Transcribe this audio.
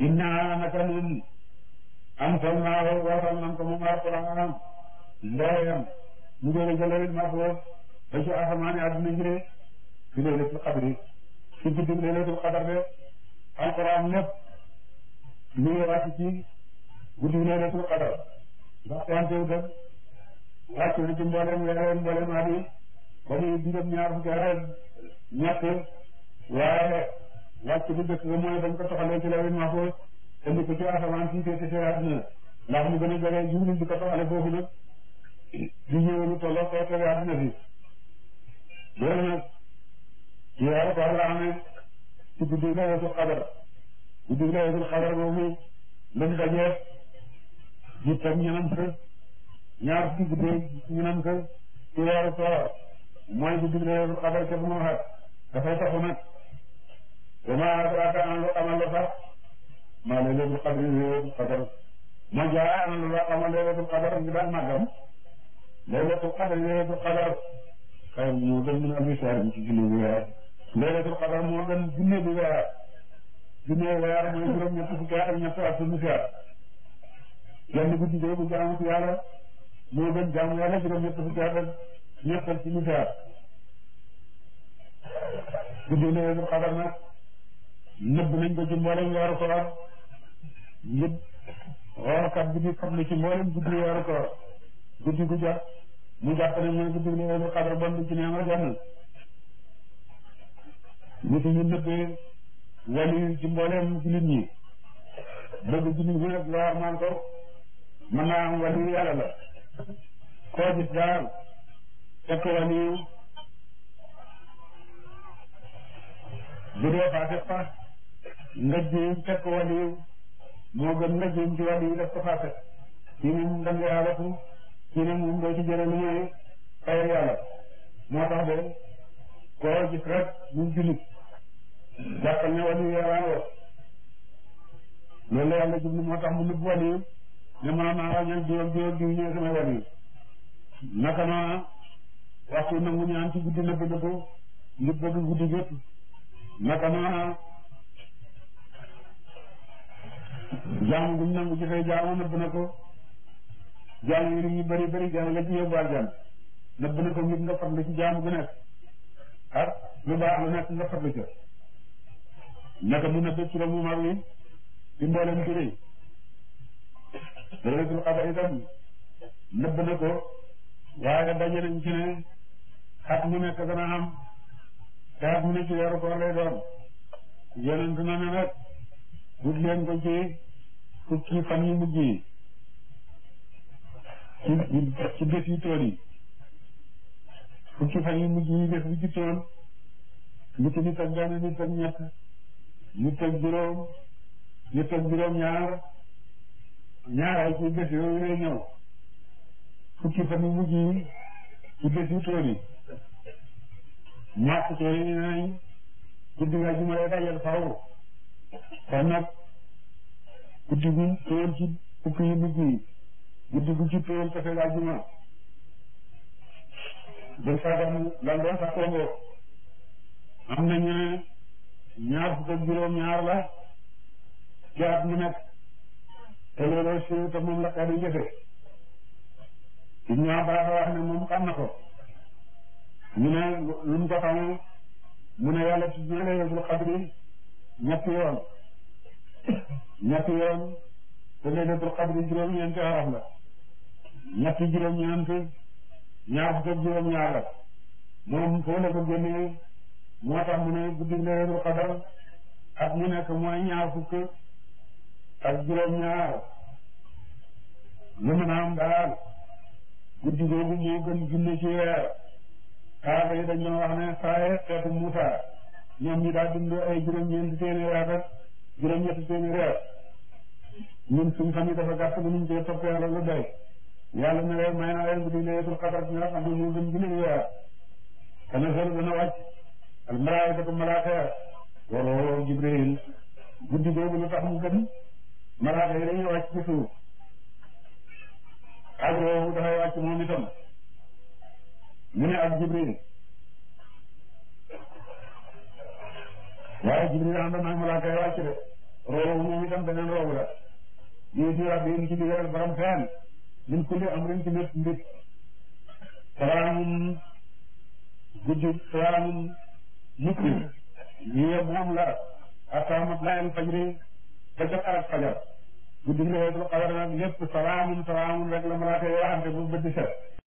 inna naka nun am sol naa ko waatal nan ko moom alquran ndeyam mu doon jëlal mahfuz ba ci asamaani adduna ji de fi laylatul qadri ci guddi laylatul qadar de alquran lépp mu ngi wàcc ci guddi laylatul qadar ndax teewtew dem wàcc na ci mboolem weereen mboolem at yi ba muy juróom ñaar fukki at ñett waaye wàcc bu njëkk ba mooy dañ ko toxalee ci lawil mahfuz indi ko ci asamaan si te ci àdduna ndax mu gën a jege jibril di ko toxale foofu nag di ñëw lu tolloo ko tege àdduna bi loolu nag yàlla ko war la amee ci guddi laylatul qadar guddi laylatul qadar boobu lañ dajee di teg ñanam kër ñaar fukki guddi ñanam kër ci weeru koor mooy guddi laylatul qadar ca bu ma waxaat dafay taxu nag wa maa adraaka an lu amal la sax maa laylatul qadri laylatul qadar ma jaa an lu amal laylatul qadar ñu daan màggam laylatul qadri laylatul qadar xayr moo gën min alfi shahr ci junne bu weer laylatul qadar moo gën junne bu weer junne weer mooy juróom ñett fukki at ak ñett ak suñu at yenn guddi boobu jaamu ci yàlla moo gën jaamu yàlla juróom ñett fukki at ak ñett ak suñu at guddi laylatul qadar nag nëbb nañ ko ci mboolem weeru koor yëpp woorkat bi di xam ne ci mboolem guddi weeru koor guddi gu jot mu jàpp ne mooy guddi Laylatul Qadr bon ci neema jàmm wali ci mboolem ci nit ñi bëgg ci nit ñi rek loo naan ko wali yàlla la koo gis daal fekk wali bu dee faa nga jiw fekk waliw moo gën nga jiw ci waliw def ko faa fekk ci ne moom da nga yàlla ko ci ne moom doo ci jëlee lu muy fayal yàlla moo tax ba koo gis rek ñu jullit jàppal ne waliw yàlla woo loolu la yàlla jublu moo tax mu nëbb waliw ne ma maa ràññal jiw ak jiw ak jiw ñëwee samay waliw naa waxtu nangu ñaan ci guddi nëbb nëbb ngir bëgg guddi gépp naka naa jaamu guñ nangu ci fay jaamu nëbb na ko jaamu yi ñu bëri bëri jaamu la ci yóbbu aljan nëbb na ko nit nga farlu ci jaamu gu nekk ah lu baax lu nekk nga farlu ca naka mu nëbb turam mu mag wi ci mboolem ci rëy laylatul qadr itam nëbb na ko waaye daje nañ ci ne xat mu nekk dana am te xat mu nekk ci weeru koor lay doon yonent na ne nag jug leen ko ci fukki fan yu mujj yi ci ci bés yi fukki fan yu mujj yi bés bu ci tool nit nit ak benn nit ak ñett nit ak juróom nit ak juróom ñaar ñaar ay ci bés yooyu lay ñëw fukki fan yu mujj yi ci bés yu yi ñaar ci tool yi nee nañ ci digg ajuma lay dajal faaw kon nag guddi gi guddi gi ci teewul kese laa juma de sàggan lan doon sa kongo am na ñaar fukk ak juróom ñaar la ci at mu nekk te looloo siiw te moom la ka di njëfe Ibnu Abbaas wax ne moom xam na ko ñu ne lu mu ko xamee mu ne yàlla tudd na laylatul qadri ñetti yoon ñetti yoon te laylatul qadri juróom-ñeenti la ñetti juróom-ñeent ñaar fukk ak juróom-ñaar la moom foo la ko moo tax mu ne guddi laylatul qadar ak mu nekk mooy ñaar fukk ak juróom-ñaar lu mën a am daal guddi googu moo gën junne ci weer kaaba yi dañoo wax ne saaye xeetu Muusaa ñoom ñu daal dund ay juróom-ñeenti téeméeri at ak juróom-ñetti téeméeri at ñun suñ xam yi dafa gàtt ba nuñ koy toppee loolu doy yàlla na leen may na leen guddi laylatul qadr nga xam ne moo gën junni weer tanazalu dana wàcc al malaa'ikatu malaaka ya wala Jibril guddi boobu lu tax mu gën malaaka yi dañuy wàcc ci suuf ak woowu dafay wàcc moom itam mu ne ak Jibril waaye Jibril ànd naag malaaka yi wàcc de roobu moom itam beneen roobu la si rabbi yi ci digal borom fenn min kulli amrin ci lépp mbir guddi salaamun mukri ñu yeb moom la ataamat laayal fajri ba ca xarak fajar guddi la yeetul xadar nag lépp salaamun salaamun rek la malaaka yi waxante bu bëdd set